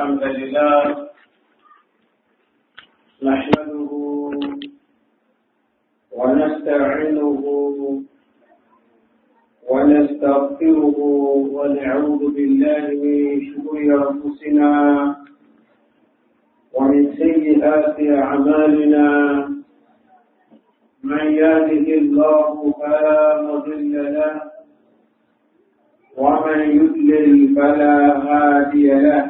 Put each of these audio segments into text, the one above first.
الحمد لله نحمده ونستعينه ونستغفره ونعوذ بالله من شرور انفسنا ومن سيئات اعمالنا من يهده الله فلا مضل له ومن يضلل فلا هادي له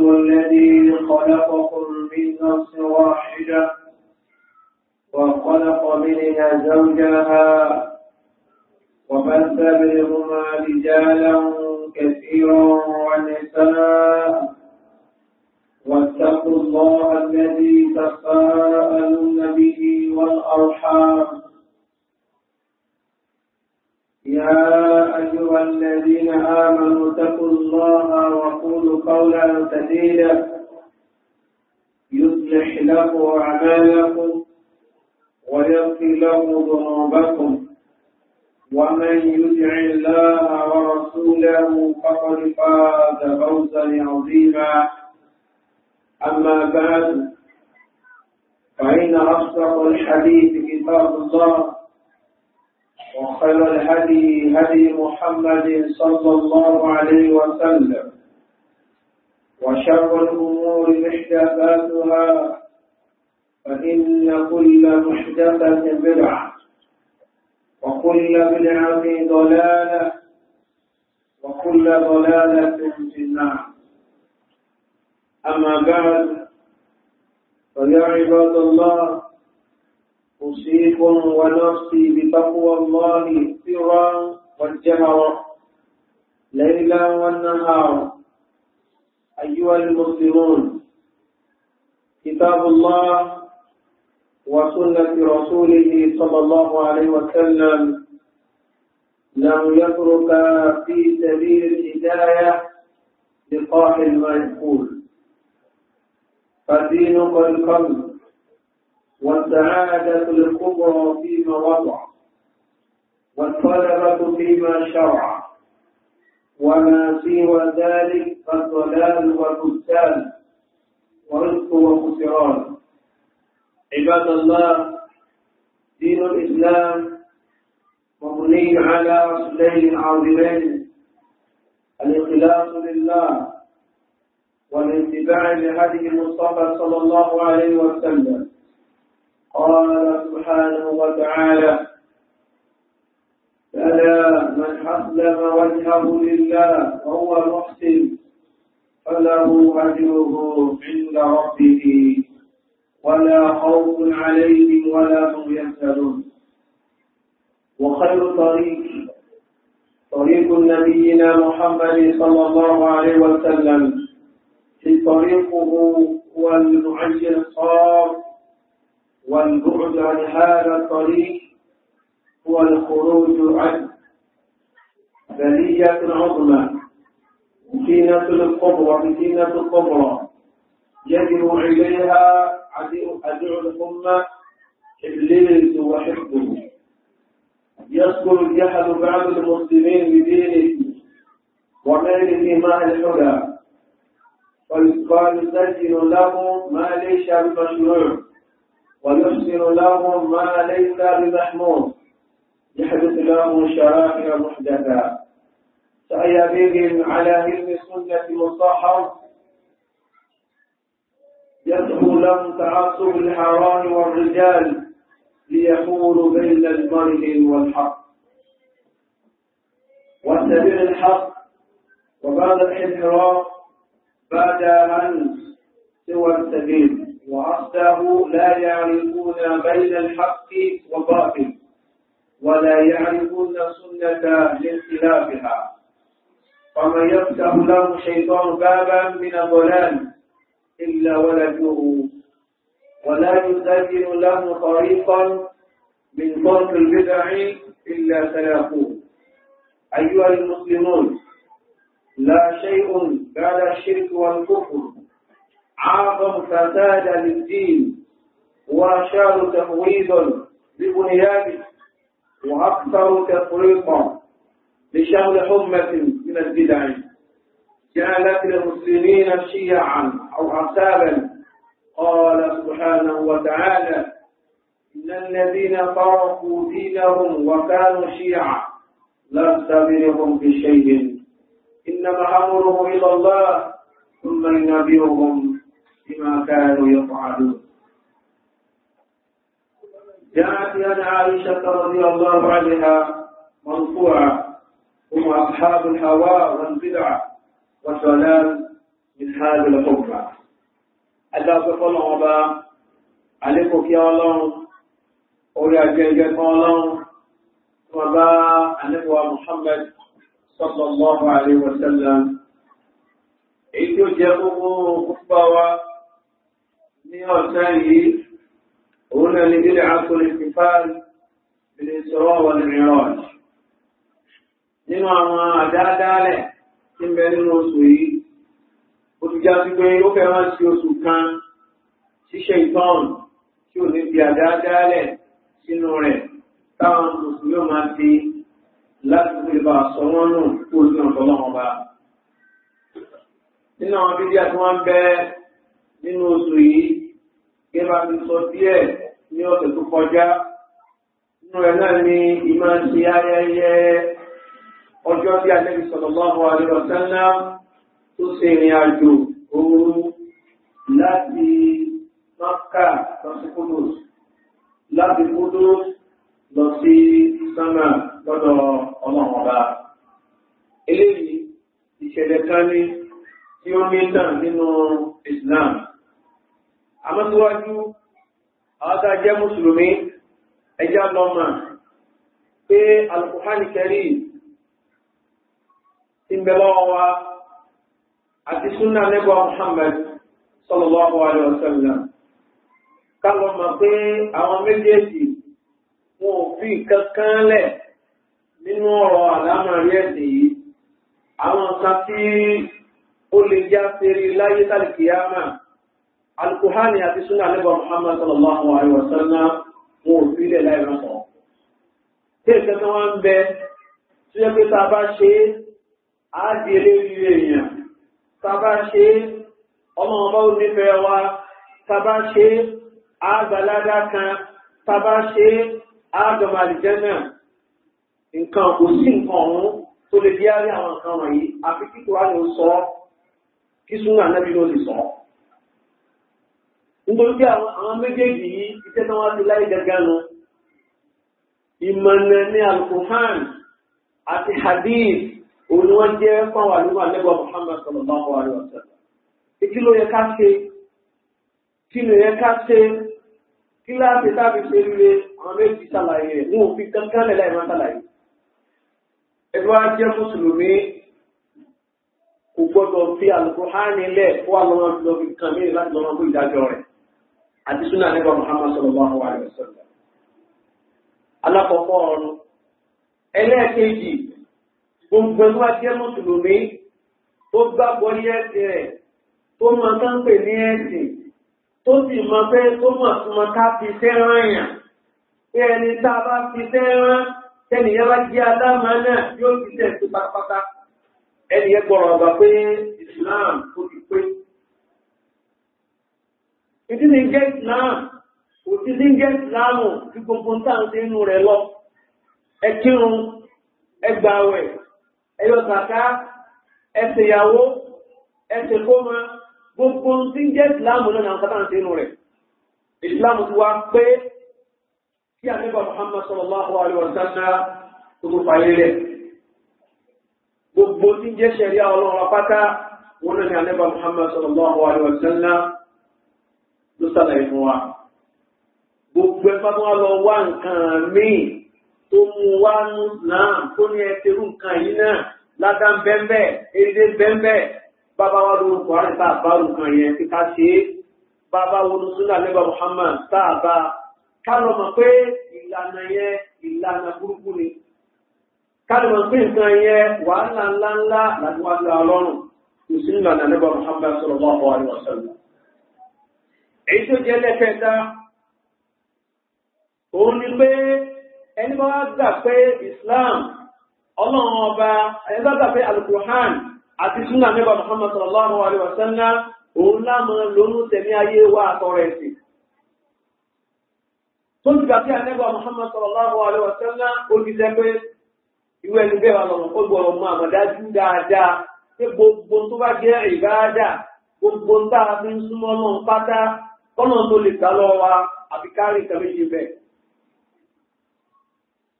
الله الذي خلقكم من نفس واحدة وخلق منها زوجها وبث منهما رجالا كثيرا ونساء واتقوا الله الذي تساءلون به والأرحام يا أيها الذين آمنوا اتقوا الله قولا سديدا يصلح لكم أعمالكم ويغفر لكم ذنوبكم ومن يدع الله ورسوله فقد فاز فوزا عظيما أما بعد فإن أصدق الحديث كتاب الله وخير الهدي هدي محمد صلى الله عليه وسلم وشر الأمور محدثاتها فإن كل محدثة بدعة وكل بدعة ضلالة وكل ضلالة في النار أما بعد فيا عباد الله أوصيكم ونفسي بتقوى الله سرا وجهرا ليلا ونهارا أيها المسلمون كتاب الله وسنة رسوله صلى الله عليه وسلم لم يترك في سبيل الهداية لقاح المجهول فدينك القلب والسعادة الكبرى فيما وضع والطلبة فيما شرع وما سوى ذلك فالضلال والبستان ورزق وخسران عباد الله دين الإسلام مبني على أصلين عظيمين الإخلاص لله والاتباع لهدي المصطفى صلى الله عليه وسلم قال سبحانه وتعالى ألا من أسلم وجهه لله فهو محسن فله أجره عند ربه ولا خوف عليهم ولا هم يحزنون وخير طريق طريق نبينا محمد صلى الله عليه وسلم في طريقه هو المعين الصار والبعد عن هذا الطريق هو الخروج عن بلية عظمى زينة القبرى زينة القبرى يدعو إليها أدعو الأمة إبليس وحفظه يذكر الجهل بعض المسلمين بدينه وغيره ماء الهدى فيسجل لهم ما ليس بمشروع ويحسن لهم ما ليس بمحمود يحدث له شرائع محدثة فأي بهم على علم السنة والطهر يدعو لهم تعصب الحرام والرجال ليحول بين المرء والحق واتبع الحق وبعد الانحراف بعد أن سوى السبيل وأصله لا يعرفون بين الحق والباطل ولا يعرفون سنة لاختلافها فما يفتح له شيطان بابا من الظلام إلا ولده ولا يزين له طريقا من طرق البدع إلا سلاكوه أيها المسلمون لا شيء بعد الشرك والكفر أعظم فساد للدين وأشار تمويل ببنيان وأكثر تفريطا لشغل حمة من البدع جعلت المسلمين شيعا أو أحسابا قال سبحانه وتعالى إن الذين فرقوا دينهم وكانوا شيعا لست منهم بشيء إنما أمره إلى الله ثم ينبئهم بما كانوا يفعلون جاءت أن عائشة رضي الله عنها مرفوعة هم أصحاب الهوى والبدع وسلام من هذه الحكمة ألا الله وبا عليكم يا الله ويا جيجة الله وبا النبوة محمد صلى الله عليه وسلم إذ يجبه خطبة من ọ̀sẹ̀ وهنا لبدعة الاحتفال بالإسراء والمعراج nínú àwọn àdáadáalẹ̀ tí ń bẹ nínú oṣù yìí ó ti já sí pé ó fẹ́ máa sí oṣù kan ṣíṣe ìtọ́n tí ò ní fi àdáadáalẹ̀ sínú rẹ̀ táwọn mùsùlùmí ò máa fi láti fi bá sọ wọ́n nù kó o sínú ọ̀dọ́ náà bá. nínú àwọn bíbí àti wọ́n ń bẹ nínú oṣù yìí gẹ́gẹ́ bá ti sọ díẹ̀ ní ọ̀sẹ̀ tó kọjá nínú ẹ̀ náà ni ìmọ̀ ṣe ayẹyẹ ọjọ́ bí Ànábì sallallahu alaihi wasallam tó ṣe ìrìn àjò ooru láti Mọ́kà lọ sí Kudus láti Kudus lọ sí sánmà lọ́dọ̀ ọlọ́mọba. Eléyìí ìṣẹ̀lẹ̀ kan ní tí ó ní tàn nínú Islam. Àmọ́ síwájú àádá jẹ́ mùsùlùmí ẹjá lọ́mà pé alùkùhánì kẹrí ìbẹ̀lọ́wà àti súnà nẹ́bọ̀ Muhammad sallallahu alaihi wasallam kálọ́mà pé àwọn méjèèjì wọn ò fi kankan lẹ̀ nínú ọ̀rọ̀ àlámàrí ẹ̀sìn yìí alukuhani àti sunna nígbà muhammad sallallahu alayhi wa sallam wọn ò fi ilẹ̀ láì rán sọ. tí èsì tó wá ń bẹ tó yẹ pé tá a bá ṣe é á di eléyìí èèyàn tá a bá ṣe é ọmọ ọmọ ò nífẹ̀ẹ́ wa tá bá ṣe é á gbalada kan tá bá ṣe é á dọ̀mọ àlìjẹ́nà nǹkan kò sí nǹkan ọ̀hún tó lè bí á àwọn nǹkan wọ̀nyí àfi kíkọ́ àlè sọ kí súnà nábì ló lè sọ ọ́ nítorí pé àwọn méjèèjì yìí iṣẹ́ náà wá sí láyé gẹ́gẹ́ lọ ìmọ̀nà ní alukuhan àti hadith òun ni wọ́n jẹ́ fáwọn àlùmọ́ àlẹ́bọ̀ Muhammad sallallahu alaihi wa sallam kí ló yẹ ká ṣe kí ló yẹ ká ṣe kí láti tábí ṣe rire àwọn méjì ṣàlàyé ní òfin kankan lẹ̀ àti súnà nípa Muhammad sallallahu alayhi wa sallam. alákọ̀ọ́kọ́ ọ̀run ẹlẹ́ẹ̀kejì gbogbo ẹnu àti ẹnu mùsùlùmí tó gbàgbọ́ ní ẹ̀sìn rẹ̀ tó mọ sáńpẹ̀ ní ẹ̀sìn tó sì mọ pé tó mọ̀ súnmọ́ ká fi fẹ́ràn yàn pé ẹni tá a bá fi fẹ́ràn tẹ́nìyàn bá jẹ́ adámà náà yóò fi tẹ̀sí pátápátá ẹnìyẹn gbọ́rọ̀ ọ̀gbà pé Islam ó ti pé ìdí ní jẹ́ náà kò sí ní jẹ́ láàmù kí gbogbo táà sí inú rẹ̀ lọ ẹ kírun ẹ gbààwẹ̀ ẹ yọ sàká ẹ ṣèyàwó ẹ ṣèkómọ gbogbo tí ń jẹ́ ìsìláàmù náà ní àwọn sábà ń ṣe inú rẹ̀ ìsìláàmù ti wá Muhammad sallallahu alaihi wa sallam gbogbo fàyè rẹ̀ gbogbo tí ń jẹ́ ṣẹ̀ríà ọlọ́run pátá wọn náà ní àdébà Muhammad sallallahu alaihi wa sallam ló sàlàyé fún wa gbogbo ẹ bá wá lọ wá nǹkan míì tó mú wá náà tó ní ẹ tẹrú nǹkan yìí náà ládá bẹ́ẹ̀ èdè bẹ́ẹ̀ bàbá wa lóru kọ́ àrẹ nǹkan yẹn kí ká ṣe é bàbá wo ló súnà lẹ́bàá Muhammad tá a bá ká lọ mọ̀ pé ìlànà yẹn ìlànà burúkú ni ká lọ mọ̀ pé nǹkan yẹn wàhálà ńláńlá làdúrà lọ́rùn kò sí ìlànà lẹ́bàá Muhammad sallallahu alaihi wasallam èyí tó jẹ́ lẹ́kẹta òun ni pé ẹni bá gbà pé Islam ọlọ́run ọba ẹni bá gbà pé alukurhan àti suna nípa Muhammad sallallahu alaihi wa sanna òun lámọ lónú tẹ̀mí ayé wa àtọ̀rẹ̀ tó ti gbà pé anẹ́gbà Muhammad wa sanna ó ti jẹ́ pé ẹni bẹ́ẹ̀ wà lọ́rùn ó gbọ́dọ̀ mọ àmọ̀dájú dáadáa pé gbogbo tó bá jẹ́ gbogbo a fi ń kọ́nà tó lè gbà lọ́wọ́ wa àbí kárí nǹkan méjì bẹ́ẹ̀.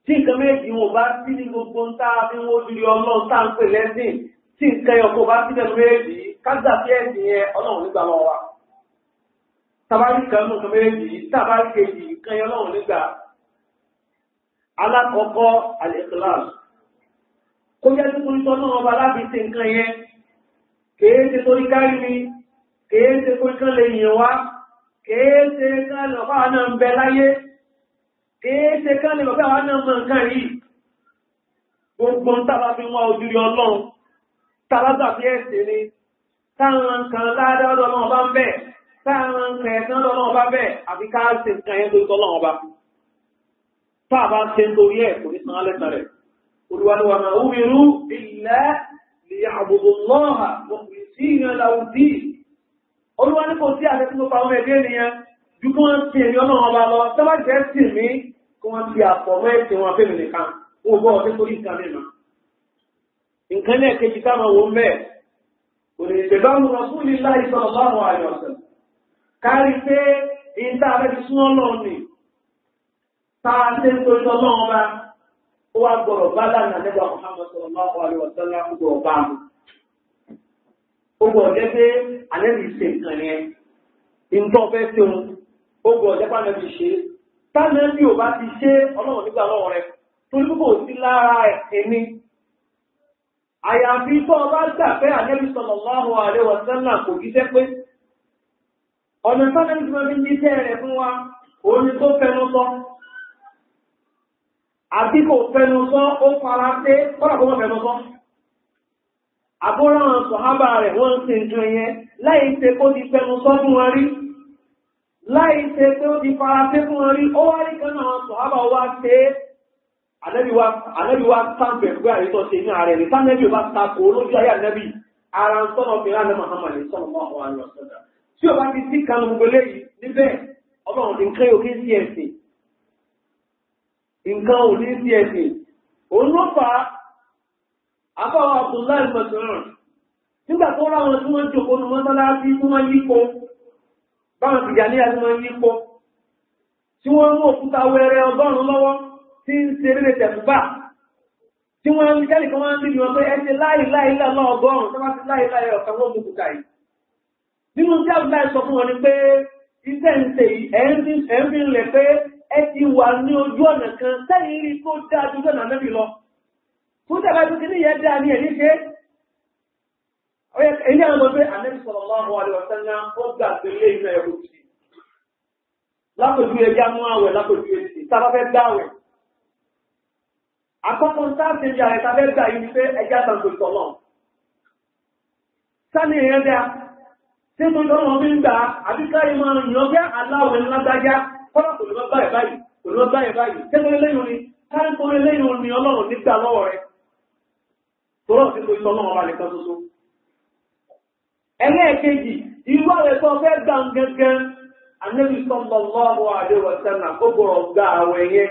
tí nǹkan méjì wọn bá sí ní gbogbo ń tá a fi wọ́n ojú ọlọ́run tá à ń pè lẹ́sìn tí nǹkan yẹn kò bá sí nínú méjì kágbà sí ẹ̀sìn yẹn ọlọ́run nígbà lọ́wọ́ wa. tábàrí kan nù nǹkan méjì tábàrí kejì nǹkan yẹn ọlọ́run nígbà. alákọ̀ọ́kọ́ al kó jẹ́ nítorí tọ́nà ọba láti ṣe kéèsè kan lọ́pàá àwọn náà ń bẹ láyé kéèsè kan lè lọ́pàá àwọn náà mọ̀ nǹkan yìí gbogbo tàbá fi wá ojúrí ọlọ́run tàbátà fi ẹ̀sẹ̀ ni táwọn kan ládọ́dọ̀ bá ń bẹ̀ táwọn kan ẹ̀sán bá bẹ̀ àfi ká ẹ̀ olúwa ní kò sí àṣẹ tí mo pa ọmọ ẹgbẹ́ ènìyàn ju kí wọ́n ti èmi ọlọ́run ọba lọ sábà jẹ́ sí mi kí wọ́n ti àpọ̀ mọ́ ẹ̀sìn wọn fẹ́mi nìkan wọn gbọ́ ọdún torí nǹkan mìíràn nǹkan náà kejì táwọn wo ń bẹ̀ òrìṣẹ́ bá mú lọ fún ilé láì sọ ọlọ́run àyọ̀ ọ̀sẹ̀ kárí pé ìta rẹ̀ ti sún ọlọ́run ni tá a ṣe ń torí ọlọ́run ọba ó wá gbọ́dọ̀ bá lánàá nígbà Muhammad sallallahu alaihi wasallam gbọ́dọ̀ ó gbọ́ jẹ́ pé ànẹ́bì ṣe nǹkan yẹn nǹkan fẹ́ ṣe òun ó gbọ́ jẹ́ pé ànẹ́bì ṣe tánẹ́bì ò bá ti ṣe ọlọ́run nígbà lọ́wọ́ rẹ torí kò sí lára ẹ̀mí àyàfi tó ọba gbà pé ànẹ́bì sallallahu alaihi wasallam kò jíṣẹ́ pé ọ̀nà tánẹ́bì tí wọ́n fi ń jíṣẹ́ rẹ̀ fún wa òun ni tó fẹnu sọ àbí kò fẹnu sọ ó àbúrò àwọn sọ̀hábà rẹ̀ wọ́n ń ṣe nǹkan yẹn láì ṣe kó ti fẹnu sọ fún wọn rí láì ṣe pé ó ti fara pé fún wọn rí ó wá rí kan náà sọ̀hábà wá ṣe é ànẹ́bí wá sáǹpẹ̀ pé àyíkọ́ ṣe inú ààrẹ ní sáǹpẹ̀ bá takò olójú ayé ànẹ́bí ara ń sọ́nà obìnrin àná Muhammad sọ́nà mọ́ àwọn àlọ́ sọ́dà tí o bá ti sí kan gbogbo léyìí níbẹ̀ ọlọ́run ti ń kẹ́ òkè sí ẹ̀sìn nǹkan ò ní àbáwọn Abdullahi Mas'ud nígbà tó ráwọn tí wọ́n jòkó ní mọ́sálásí tí wọ́n yípo báwọn tìjàníyà tí wọ́n yípo tí wọ́n mú òkúta wẹrẹ ọgọ́rùn-ún lọ́wọ́ tí ń ṣe rere tẹ̀sùbà tí wọ́n ń jẹ́ nìkan wọ́n ń bíbi wọn pé ẹ ṣe láì láì lọ́lọ́ ọgọ́rùn-ún tí wọ́n ti láì láì ọ̀kan wọ́n mú kúta pé ẹ ti wà ní ojú ọ̀nà kan sẹ́yìn rí tó dáa ju ọ̀nà náà lọ kúta bá tún kíní yẹn dáa ní ẹ̀rí ké ẹni àwọn ọmọdé anẹ́sọ̀rọ̀ lọ́wọ́ àlẹ́wọ̀sánná ó gbà pé ilé iná ẹ̀rọ ti lápòjú ẹja mú àwẹ̀ lápòjú ẹsẹ̀ tá a bá fẹ́ gbá àwẹ̀ àkọ́kọ́ sáàtì ìjà rẹ̀ tá a fẹ́ gbà yìí pé ẹja tàǹtò sọ̀lọ̀ sani èèyàn dá tí mo lọ́ wọn mi ń gbà àbíká yìí máa ń yàn bẹ́ aláwẹ̀ ńlá dájá kọ́lá kò ní bá báyìí báyìí kò ní bá báyìí báyìí tọ́rọ̀ sí kò ìtọ́nà ọba nìkan ṣoṣo ẹlẹ́ẹ̀kejì irú àwẹ̀ fẹ́ gbà ń gẹ́gẹ́ anẹ́bí sallallahu alaihi wa sallam ó gbọ́rọ̀ gba àwẹ̀ yẹn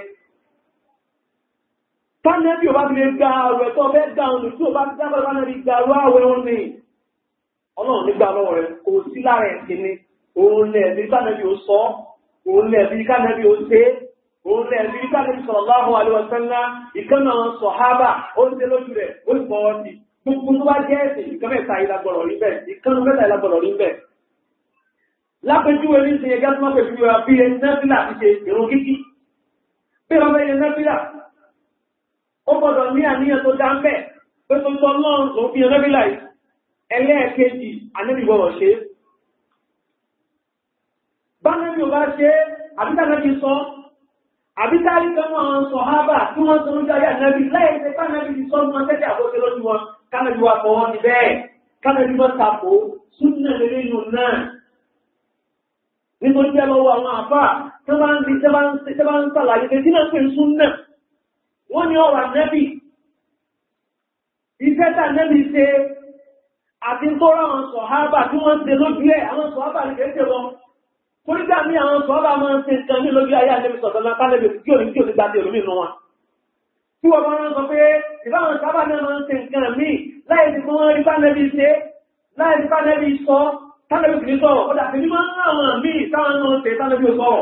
tánẹ́bí ò bá fi lè gba àwẹ̀ fẹ́ gbà ń tí ò bá ti dábàá nẹ́bí gba òun lẹ ẹbí nípa lẹbi sallallahu alaihi wasallam ìkànnà sọhábà ó ń tẹ lójú rẹ ó ń bọwọ sí gbogbo tó bá jẹ ẹsẹ ìkànnà ẹta ìlàgbọrọ rí bẹ́ẹ̀ ìkànnà mẹ́ta ìlàgbọrọ rí bẹ́ẹ̀. lápẹjúwe ní ṣe ẹgbẹ́ tó máa fẹ́ fi wá bí ẹni nẹ́fìlà ti ṣe ìrún kíkí bí wọ́n fẹ́ yẹ nẹ́fìlà ó gbọ́dọ̀ ní àníyàn tó dá ń pé tó tọ́ lọ́run tó fi yẹn nẹ́fìlà yìí ẹlẹ́ẹ̀kejì ànẹ́bìgbọ̀rọ̀ ṣe bá nẹ́bì ò bá ṣe àbíkàkẹ́ ti sọ àbí táàrí kan mọ́ àwọn sọ̀hábà tí wọ́n sọ lójú ayé ànábì láyé ṣe bá ànábì ti sọ́nù wọn tẹ́tẹ́ àbóṣe lójú wọn kánàbí wa kọ́ wọn ni bẹ́ẹ̀ kánàbí wọn tàpó súnà lè nínú náà nítorí jẹ́ di tó bá ń sàlàyé pé tí náà pè súnà wọ́n ní ọ̀rọ̀ ànábì iṣẹ́ tà ànábì ṣe àti tó ráwọn sọ̀hábà tí wọ́n ṣe lójú ẹ̀ àwọn sọ̀hábà lè Torígbà ní àwọn sọ́ọ́bà máa ń ṣe nǹkan ní lójú ayé àjẹ́bí sọ̀tọ̀ náà pálẹ̀bí kí òní kí òní gbá dé olómi nù wọn. Tí wọ́n bá rán sọ pé ìbáwọn sábà náà máa ń ṣe nǹkan míì láì ti fún wọn rí pálẹ̀bí ṣe láì ti pálẹ̀bí sọ pálẹ̀bí kì í sọ̀rọ̀ ó dàbí nímọ̀ ń àwọn míì táwọn náà ṣe pálẹ̀bí ò sọ̀rọ̀.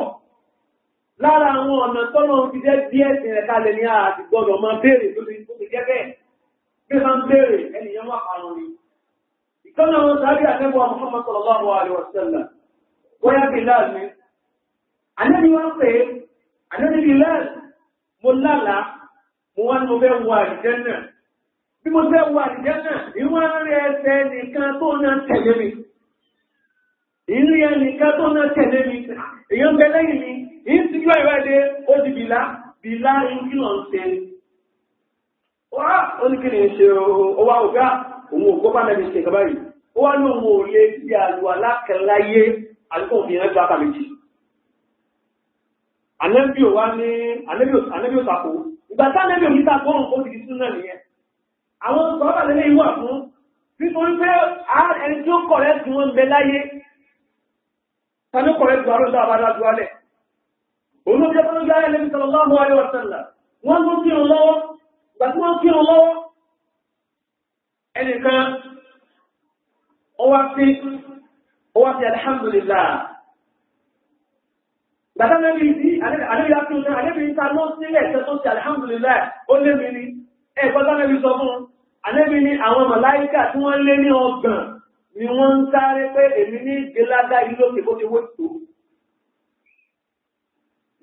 Lára àwọn ọ̀nà tọ́nà ti jẹ́ díẹ̀ sí ẹ̀ka lè ní àti gbọ́dọ̀ máa béèrè tó ti jẹ́ bẹ́ẹ̀. Bí máa ń béèrè ẹnìyàn wà parun ni. Ìkọ́nà wọn sáré Muhammad sallallahu alaihi wa sallam bóyá Bilal ni anábì wá pé Bilal mo lálà mo wá ní mo fẹ́ wọ àdìjẹ́ náà bí mo fẹ́ wọ àdìjẹ́ náà ìwọ́n rí ẹsẹ̀ nìkan tó náà tẹ̀lé mi ìlú yẹn nìkan tó náà tẹ̀lé mi èèyàn bẹ lẹ́yìn ó ní kí ni ṣe owó àwùgá òun ò gbọ́ bá ṣe kaba ó wá ní òun ò lè di àlùwàlá kẹláyé àdúgbò obìnrin tó àtàlẹ́ jì anẹ́bí ò wá ní anẹ́bí ò sàkó ìgbà tá anẹ́bí ò ní sàkó ó ti di sínú náà nìyẹn àwọn sọ́ọ́bà lẹ́lẹ́ ìwà fún nítorí pé ẹni tí ó kọ̀rẹ́ tí wọ́n ń bẹ láyé tàbí kọ̀rẹ́ tí wọ́n dá àbájá tó wálẹ̀ olóòjẹ́ tó ń gbá ẹlẹ́ ní sallallahu alaihi wa sallam wọ́n tó kírun lọ́wọ́ gbà tí wọ́n kírun lọ́wọ́ ẹnìkan ó wá sí ó wá sí alihamdulilah gbàtà mẹ́bí ìdí àlébí akíun náà àlébí ìta lọ sílẹ̀ tẹ́ tó sí alihamdulilah ó lé mi ní ẹ gbọ́dọ̀ mẹ́bí sọ fún àlébí ní àwọn màláíkà tí wọ́n lé ní ọgbọ̀n ni wọ́n ń sáré pé èmi ní gẹ́lágá ilé òkè bó ti wó tó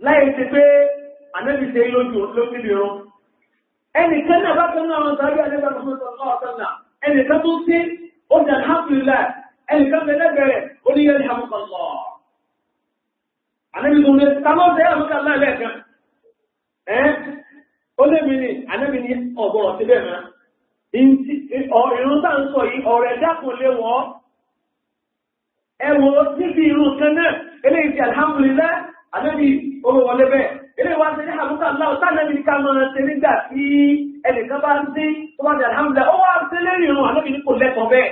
láì ti pé ànábì ṣe lójú lójú ìran ẹnìkan náà bá tẹ́lú àwọn sáré àlébà tó ń sọ ọ́ ọ̀sán náà ẹnìkan tó sí ó dàn hàpùlù láì ẹnìkan bẹ lẹ́bẹ̀rẹ̀ oníyẹn ní àmúkọ̀ lọ. Ànábì tó ń lé tálọ́ tẹ́ àmúkọ̀ láìlẹ́ kan. Ẹ́ ó lé mi ní ànábì ní ọ̀bọ̀n ọ̀sẹ̀ bẹ́ẹ̀ máa. Ìrún tá ń sọ yìí ọ̀rẹ́ dákun lé wọ́n. Ẹ wo níbi irun kan náà, eléyìí ti alhamdulillah, ànábì owó wọlé bẹ́ẹ̀. Eléyìí wá sí ní àmúkọ̀ láwọ̀ tá ànábì ká máa ṣe nígbà tí ẹnìkan bá ń dín tó bá ti alhamdulillah, ó wá sí lẹ́yìn irun ànábì ní kò lẹ́kọ̀ọ́ bẹ́ẹ̀.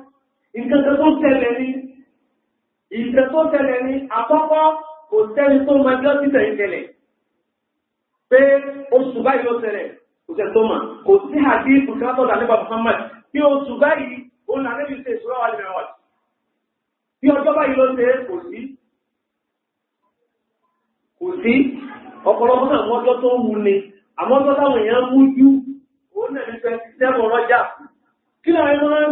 ìkẹ́kẹ́ tó tẹ́lẹ̀ ní ìkẹ́ tó tẹ́lẹ̀ ní àkọ́kọ́ kò tẹ́lẹ̀ tó máa jọ títẹ̀ ìtẹ̀lẹ̀ pé oṣù báyìí ló tẹ̀lẹ̀ kò tẹ̀ tó mà kò sí àdí ìbùkátọ̀ dà nípa Muhammad bí oṣù báyìí ó nà níbi ṣe ìṣúra wà nínú ẹ̀wà bí ọjọ́ báyìí ló tẹ̀ kò sí kò sí ọ̀pọ̀lọpọ̀ náà wọ́n jọ tó wù ni àmọ́ tó táwọn èèyàn mú ju òun náà ní twenty seven rọ́jà kí lóun ẹni wọ́n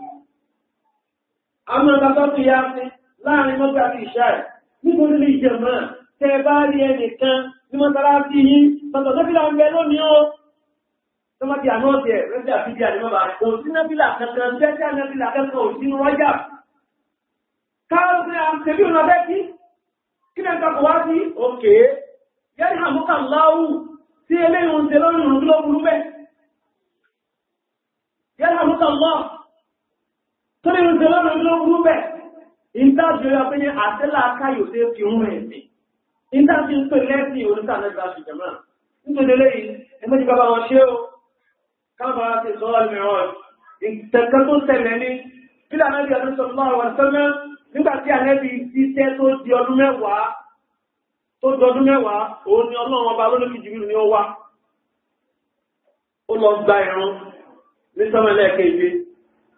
àmọ́ bàbá fi ya fi láàrin mọ́gbà fi ṣá ẹ̀ nítorí lè jẹ mọ́ tẹ bá rí ẹnìkan ní mọ́tara sí yí tọ̀tọ̀ tó fìlà ń bẹ lónìí o tó má ti àná ọ̀tẹ̀ rẹ́bí àfíjà ní mọ́bà kò sí nábìlà kankan bẹ́ẹ̀ sí ànábìlà kankan ò sínú wájà káàró pé à ń tẹ̀bí òun abẹ́ kí kí náà kakọ̀ wá sí òkè yẹ́nì torí oúnjẹ lọ́nà ló ń rúbẹ̀ ìdájọ́ yọ pé ní àtẹ́là káyò tẹ́ fi ń rìn mí ìdájọ́ ń pè lẹ́sìn oníta lẹ́gbà ṣùgbọ́n nítorí lẹ́yìn ẹgbẹ́ ti bàbá wọn ṣe ó káàbà ti sọ ọlọ́mìíràn ìtẹ̀kẹ́ tó tẹ̀lẹ̀ ní bílà náà bí ọdún sọ̀rọ̀ máa wà sọ́mọ́ nígbà tí àlẹ́bí iṣẹ́ tó di ọdún mẹ́wàá tó di ọdún mẹ́wàá òun ni ọlọ́run ọba lólókì jù ní ó wá ó lọ gba ẹ̀rùn ní sọ́mọ́ ẹlẹ́ẹ̀kẹ́ ìgbé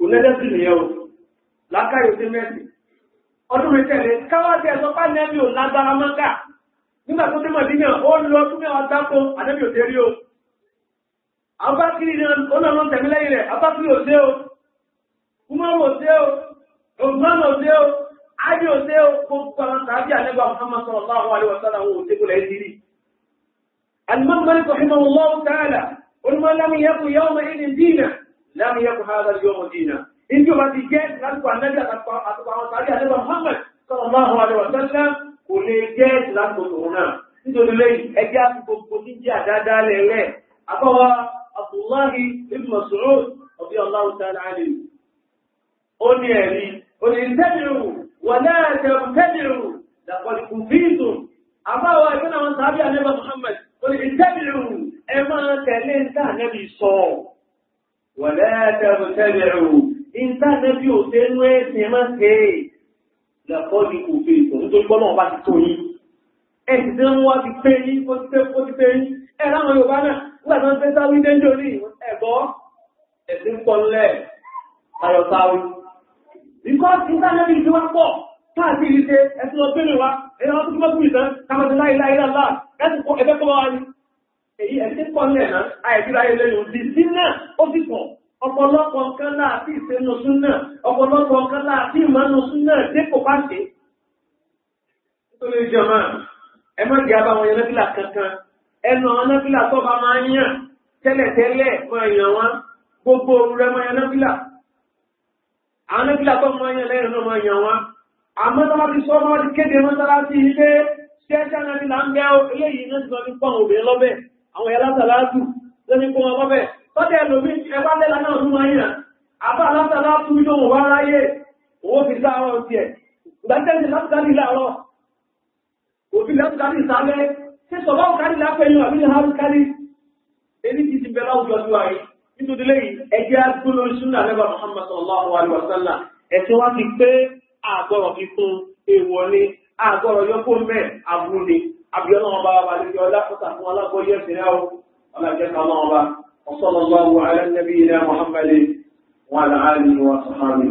kò lẹ́lẹ́sì nìyẹn o lákàyè sí mẹ́sì ọdún mi tẹ̀lé káwájú ẹ̀ sọ́pá nẹ́bí ò lágbára mọ́ká nígbà tó dé mọ̀dínà ó lọ tún mẹ́wàá dáko àdébí ò dérí o abákiri náà ó náà lọ tẹ̀mí lẹ́yìn rẹ̀ abákiri ò dé o kúmọ́rù ò dé o ògbọ́n ò dé o ayé ò dé o gbogbo àwọn tàbí àlẹ́gbà Muhammad sallallahu alaihi wasallam ò lẹ́nu yẹ kó ha lọ yọ ọmọdé náà. Ìjọ bá ti jẹ́ lásìkò ànájà àtàkùn àwọn sáré àdébà Muhammad sọ̀rọ̀ máa hàn àdébà sẹ́lẹ̀ kò lè jẹ́ lásìkò tòun náà. Nítorí lẹ́yìn ẹgbẹ́ àtúntò kò ní jẹ́ àdáadá lẹ̀ rẹ̀. Àbáwá Abdullahi ibn Mas'ud ọ̀bí Allahu ta'ala ali. Ó ní ẹ̀rí, ó ní tẹ́lẹ̀rù, wà náà tẹ̀rù tẹ́lẹ̀rù, làkọ̀lì kù fíìsù. Àbáwá ìgbẹ́ náà wọn sáré àdébà Muhammad, ó ní tẹ́lẹ̀rù, ẹ máa tẹ̀lé ń tà nẹ́bí sọ̀rọ̀ wọ̀lẹ́ tẹ̀bùtẹ̀bẹ̀rù ìntánẹ́bí ò tẹ́ nú ẹ̀sìn máa ṣe é lẹ́kọ́ ní kò fi ìtọ̀ nítorí pọ́nà ọba ti tó yín ẹ̀sìn tí wọ́n wá ti pé yín ó ti pé ó ti pé yín ẹ̀ Yorùbá náà nígbà tó sáwí déńjọ ní ẹ̀gbọ́ ẹ̀sìn pọ̀ ńlẹ̀ ayọ̀ sáwí. bíkọ́ ìntánẹ́bí wá pọ̀ káàkiri ṣe ẹ̀sìn ọ̀gbẹ́ni èyí ẹ̀sìn pọ́nlẹ̀ náà àìsíra ilé yòó di sí náà ó sì pọ̀ ọ̀pọ̀lọpọ̀ nǹkan láàfin ìsẹ́nu sún náà ọ̀pọ̀lọpọ̀ nǹkan láàfin ìmọ̀nu sún náà dépò bá ṣe. nítorí ìjọba ẹ má di abáwọn yẹn lẹ́bílà kankan ẹnu àwọn lẹ́bílà tó bá máa ń yàn tẹ́lẹ̀tẹ́lẹ̀ máa yàn wọn gbogbo òru rẹ máa yàn lẹ́bílà àwọn lẹ́bílà tó máa yàn lẹ́yìn náà máa yàn wọn àmọ́ tó bá ti sọ ọ́ kéde mọ́sálásí ilé ṣẹ́ṣẹ́ àwọn alátàlátù lẹ́ni kó wọn bọ́bẹ̀ tọ́jẹ́ ẹlòmí ẹgbá lẹ́la náà tún máa yìnà àbá alátàlátù bí lóhun wá ráyé owó fi sáárọ̀ ti ẹ̀ ìgbàtẹ́ni látàlí láàárọ̀ òbí látàlí ìsàlẹ̀ ṣe sọ̀rọ̀ kárí lápẹ̀yìn àbí ní haru kárí èyí ti ti bẹ̀rẹ̀ àwùjọ tó wáyé nítorí lẹ́yìn ẹgbẹ́ agbóló sunna lẹ́bà Muhammad sallallahu alaihi wasallam ẹ̀sìn wá ti pé àgọ́rọ̀ fi fún èèwọ̀ ni àgọ́rọ̀ yọkó mẹ́ àbúrò abiyọ́nà ọba abalẹ́kí ọlá kọ́ta fún alágbóyè ìpínlẹ̀ o ọlọ́jẹ́ kaná ọba ọ̀sọ́lọ́gbọ́ àwọn alẹ́ nẹ́bí ilẹ̀ muhammadu wọn àlàáyé wọn sọ́hánì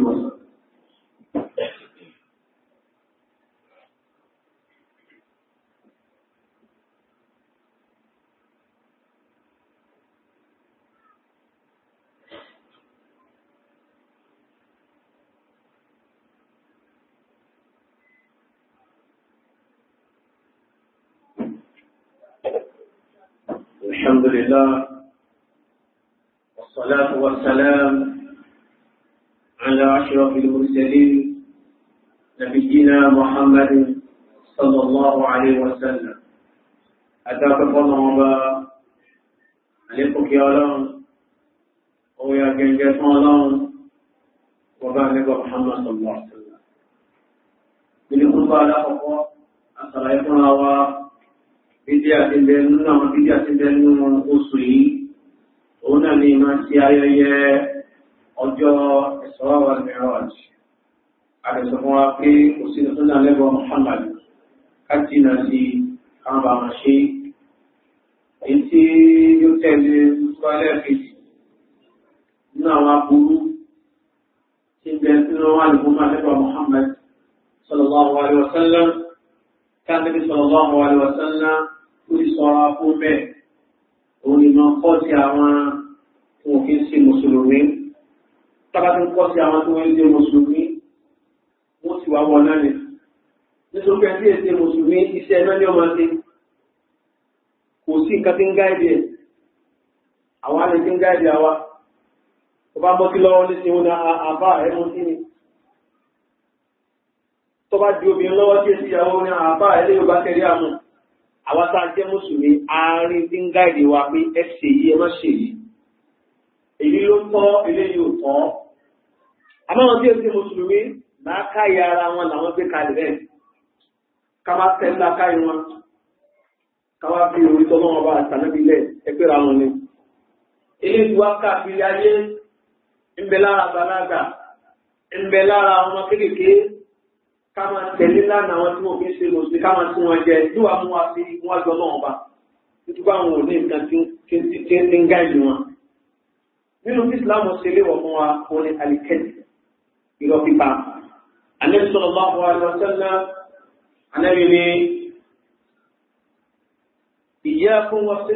الله والصلاة والسلام على أشرف المرسلين نبينا محمد صلى الله عليه وسلم أتاك الله عليكم يا الله أو يا جنجة الله محمد صلى الله عليه وسلم من الله أخوة أصلا الله bíbí àti bẹnu àwọn bíbí àti bẹnu oṣù yìí òun náà ni máa ṣe ayẹyẹ ọjọ́ Isra wal Miraj àdẹ̀sọ̀ fún wa pé kò sí ní sọ́nà lẹ́bọ̀ Muhammad káàtì náà sí káwọn bá wọn ṣe èyí tí yóò tẹ̀lé sọ́lẹ̀ kejì nínú àwọn aburú tí bẹ̀rẹ̀ wà ní fún àlẹ́bọ̀ Muhammad sallallahu alaihi wasallam káàtì sallallahu alaihi wasallam sọ́ra fún bẹ́ẹ̀ onímọ̀ kọ́ sí àwọn tí wọ́n fi ń ṣe mùsùlùmí tábà tó ń kọ́ sí àwọn tí wọ́n ń ṣe mùsùlùmí wọ́n sì wá wọn náà ni nítorí pé ẹbí ẹ̀ṣẹ̀ mùsùlùmí iṣẹ́ ẹ̀mẹ́ ni ọmọ ṣe kò sí nǹkan tí ń gáìdì ẹ̀ àwọn àlè tí ń gáìdì àwa tó bá bọ́ lọ́wọ́ ní ṣe wọn àbá ẹ̀mú sí ni tó bá di obìnrin lọ́wọ́ sí ìyàwó ní àbá ẹlẹ́yọ̀ bá tẹ̀lé àmọ́ àwa tá a jẹ́ mùsùlùmí àárín tí ń gáìdì wa pé ẹ ṣe yìí ẹ má ṣe yìí èyí ló tọ́ eléyìí ò tọ́ àmọ́ àwọn tí ẹ ṣe mùsùlùmí máa káyà ara wọn làwọn gbé kalẹ̀ bẹ́ẹ̀ ká máa tẹ́ ńlá káyà wọn ká wá fi orí tọ́ lọ́wọ́ bá àtàlẹ́bílẹ̀ ẹgbẹ́ra wọn ni eléyìí tí wàá káàkiri ayé ń bẹ lára àgbàlagbà ń bẹ lára ọmọ kéékèèké ká máa tẹ̀lé lánàá àwọn tí wọ́n fi ń ṣe lòsì ká máa tún wọn jẹ ló wàá mú wa sí wọn jọ náà bá títí bá wọn ò ní nǹkan tí ń gáìlì wọn. nínú tí Islam ṣe léwọ̀ fún wa òun ni alikẹ́tì irọ́ pípa. Ànábì sallallahu alaihi wasallam Ànábì ni ìyá fún wọn sí.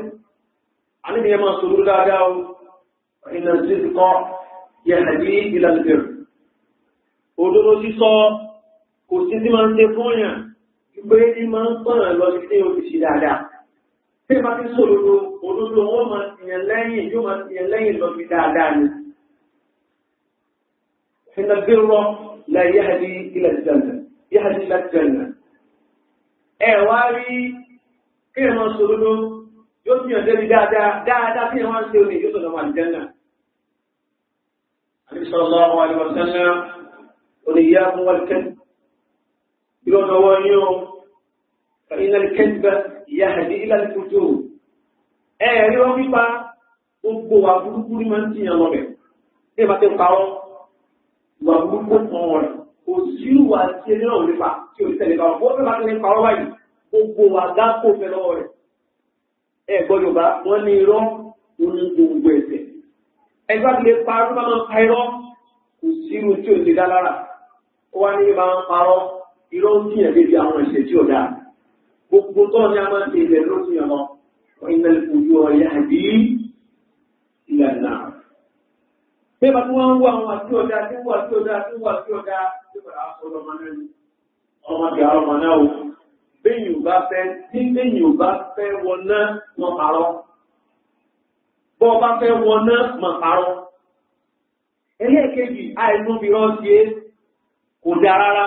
Ànábì yẹn máa sòrò dáadáa o. Ìlànà sí ti kọ́ yẹ àdí ìlànà bẹ̀rù. Òdodo sísọ kò sí sí máa ń ṣe fún yàn pé ní máa ń gbọ́nà lọ sí ilé olùsí dáadáa tí máa ti sòdodo òdodo wọn máa tìyàn lẹ́yìn yóò máa tìyàn lẹ́yìn lọ sí dáadáa ni. ìnà bí rọ la yahdi ila janna yahdi ila janna. ẹ wá rí kí ẹ máa sòdodo yóò tìyàn débi dáadáa dáadáa kí ẹ máa ń ṣe òní yóò sọ̀rọ̀ máa jẹ́ náà. àbí sallallahu alaihi wasallam oníyàwó wal kadhib ìrọ̀nàwọ́ فإن الكذب يهدي إلى الفجور ẹ̀rí wọn pípa gbogbo wa burúkú ni máa ń tiyàn lọ rẹ̀ bí ẹ bá ti pa wọn ìwà burúkú kan rẹ̀ kò sí ìwà tí ẹni náà lè pa tí o tẹ̀lé pa wọn bó bá ti lè pa wọn báyìí gbogbo wa dáko fẹ́ lọ́wọ́ rẹ̀ ẹ irọ́ ń jìyàn débi àwọn ìṣẹ́ tí ó dáa gbogbo tó ní a máa ń ṣe ilẹ̀ ló ti yàn lọ iná ojú ọ̀yà àbí ìlànà pé bá tí wọ́n ń wá àwọn àti ọ̀dà tí wọ́n àti ọ̀dà tí wọ́n àti ọ̀dà tí wọ́n á sọ ọmọ náà ni ọmọ kì í ọmọ náà o bẹ́yìn ò bá fẹ́ tí bẹ́yìn ò bá fẹ́ wọn náà mọ̀ parọ́ bọ́ ọ bá fẹ́ wọn náà mọ̀ parọ́ ẹlẹ́ẹ̀kejì àìmọ́bìrán ṣe kò dáa rárá.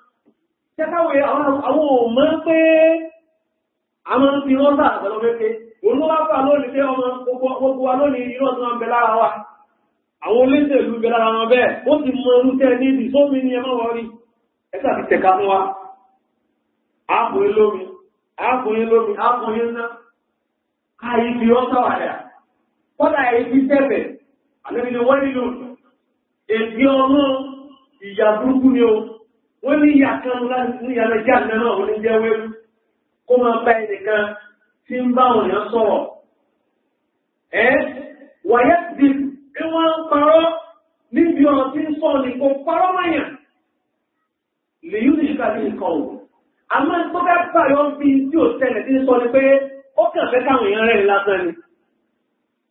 Tẹ́káwé àwọn ọmọ pé a máa ń fi wọ́n sáà pẹ̀lú mẹ́fẹ́. Òun ló wá fà lónìí pé ọmọ gbogbo wa lónìí irọ́ tí wọ́n ń bẹ lára wa. Àwọn olóṣèlú bẹ lára wọn bẹ́ẹ̀. Ó ti mọ orú tẹ́ ní ìdí sómi ní ẹmọ́ wọn rí. Ẹ sàfi tẹ̀ka fún wa. Àákùnrin lómi, àákùnrin lómi, àákùnrin ná. Káyí fi wọ́n sáwàdà. Kọ́dà èyí fi tẹ̀bẹ̀. Àlẹ́ mi ni wọ́n nílò. Èdè ọmọ ìyà burúkú ni o wọ́n ní ìyá kan ní ìyá lọ́jà kan náà wọ́n ní jẹ́ wẹ́rú kó máa bá ẹnìkan tí ń bá òun yàn sọ̀rọ̀ ẹ́ wàyẹ́ ti kí wọ́n ń parọ́ níbi ọ̀rọ̀ tí ń sọ ní kò parọ́ mọ̀yàn lèyí ní ìka ní nǹkan o àmọ́ tó bá báyọ̀ ń fi tí ò tẹ̀lé tí ń sọ ni pé ó kàn fẹ́ káwọn èèyàn rẹ̀ lásán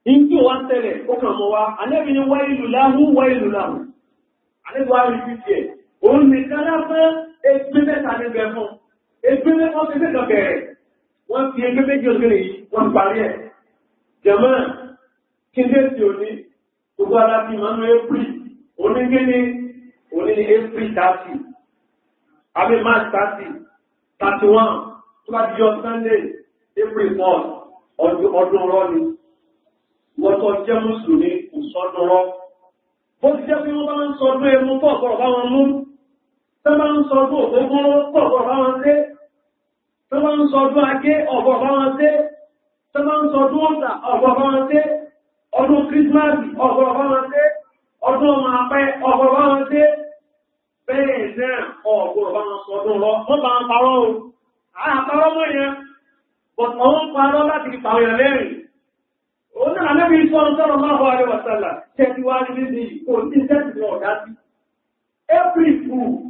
ni ìjú wa ń tẹ̀lé ó kàn mọ́ wa alẹ́bí ni wáyé lù láhùn wáyé lù láhùn alẹ́bí wa rí fífi ẹ̀ òun nìkan lápẹ́ ẹgbẹ́ mẹ́ta ní bẹ̀ fún ẹgbẹ́ mẹ́ta ti mẹ́ta bẹ̀rẹ̀ wọ́n fi ẹgbẹ́ méjì òkèrè yìí wọ́n parí ẹ̀ jẹ̀mọ́ kí ní èsì òní gbogbo ara fi máa ń éprì onígbéni òní ní éprì tààtì àbí march tààtì tààtì wọn tó bá di ọjọ́ sunday éprì four ọdún rọ ni wọ́n tó jẹ́ mùsùlùmí kò sọ́dún rọ bó ti jẹ́ pé wọ́n bá ń sọdún ẹmu tó ọ̀pọ̀lọpọ̀ wọn mú tó bá ń sọdún ògógún pọ̀pọ̀ bá wọn sé tó bá ń sọdún ajé ọ̀pọ̀ bá wọn sé tó bá ń sọdún ọ̀sà ọ̀pọ̀ bá wọn sé ọdún kírísímàsì ọ̀pọ̀ bá wọn sé ọdún ọmọ apẹ́ ọ̀pọ̀ bá wọn sé bẹ́ẹ̀ náà ọ̀pọ̀ bá wọn sọdún lọ wọ́n bá ń parọ́ o àparọ́ mọ́ yẹn bọ̀tọ̀ wọn parọ́ láti fi pàwọn yẹn lẹ́rìn òun náà lẹ́bi sọ́run sọ́run máa every fool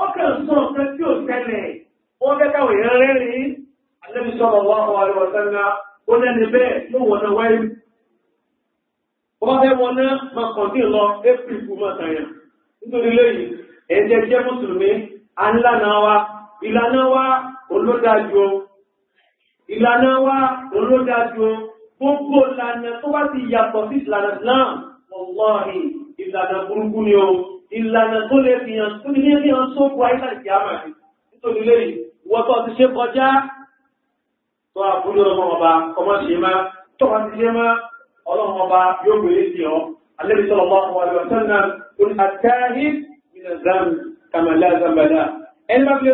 ó kàn sọ nǹkan tí ò tẹ́lẹ̀ wọ́n fẹ́ káwọn èèyàn rẹ́rìn-ín alẹ́bíṣọ́rọ̀ wá wà lọ sẹ́ńgá ó lẹ́ni bẹ́ẹ̀ ló wọ̀nà wáyé ọba fẹ́ wọná máa kàn sí lọ éprì fún máa tàyàn nítorí lẹ́yìn ẹ̀jẹ̀ jẹ́ mùsùlùmí à ń lànà wa ìlànà wa olódájú o ìlànà wa olódájú o gbogbo ìlànà tó bá ti yàtọ̀ sí ìlànà náà wọ́n wọ́n ìlànà burúkú ni o ìlànà tó lè fi hàn tó lè fi hàn sóòkù àìsàn ìdí àmà rẹ̀ nítorí lẹ́yìn wọ́tọ̀ ti ṣe kọjá tó àbúrò ọmọ ọba ọmọ ṣe má tó wá ti ṣe má ọlọ́mọ ọba yóò gbèrè e sí ọ alẹ́bí sọ̀rọ̀ bá ọmọ àlọ́ sẹ́nà ó ní àtẹ́rí nínú zam kàmàlá zambala ẹni bá fi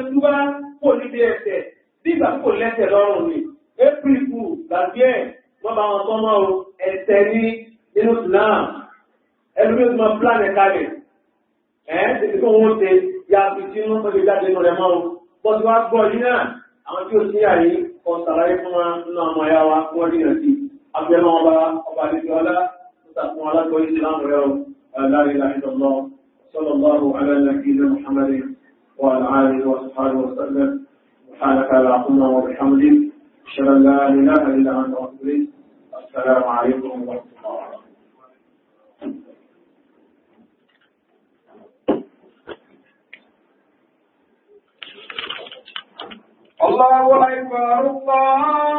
lè plan ẹ̀ka ẹ̀ẹ́dẹ̀kì tó wọ́n ṣe ya fi tí wọ́n tó lè jáde nù rẹ̀ mọ́ o bọ́sí wá gbọ́ yìí náà àwọn tí ó sí àyè kọ sàlàyé fún wa nínú àmọ́ ya wa wọ́n rí rẹ̀ sí abẹ́mọ́ ọba ọba àdéjọ́ ọlá tó sàkún alágbọ́ ìsìlámù rẹ̀ o láàrin láàrin lọ́lọ́ صلى الله على نبينا محمد وعلى آله وصحبه وسلم سبحانك اللهم وبحمدك أشهد أن لا إله إلا أنت أستغفرك السلام عليكم ورحمة الله Allahu Akbar, Allah.